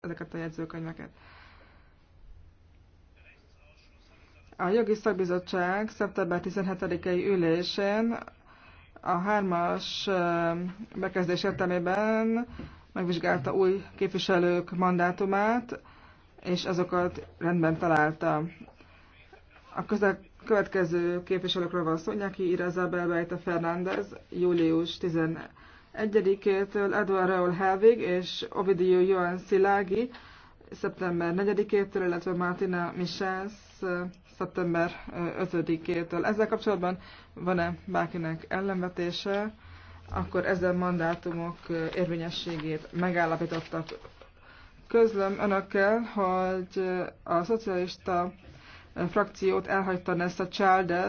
ezeket a jegyzőkönyveket. A jogi szakbizottság szeptember 17-i ülésén a hármas bekezdés értelmében megvizsgálta új képviselők mandátumát, és azokat rendben találta. A közel következő képviselőkről van szó, Nyaki Irazabel, Bejta Fernández, július 1-től Edward Raoul Helvig és Ovidio Joan Szilági szeptember 4-től, illetve Martina Michels szeptember 5-től. Ezzel kapcsolatban van-e bárkinek ellenvetése, akkor ezen mandátumok érvényességét megállapítottak. Közlöm önökkel, hogy a szocialista frakciót elhagyta Nessa Childs,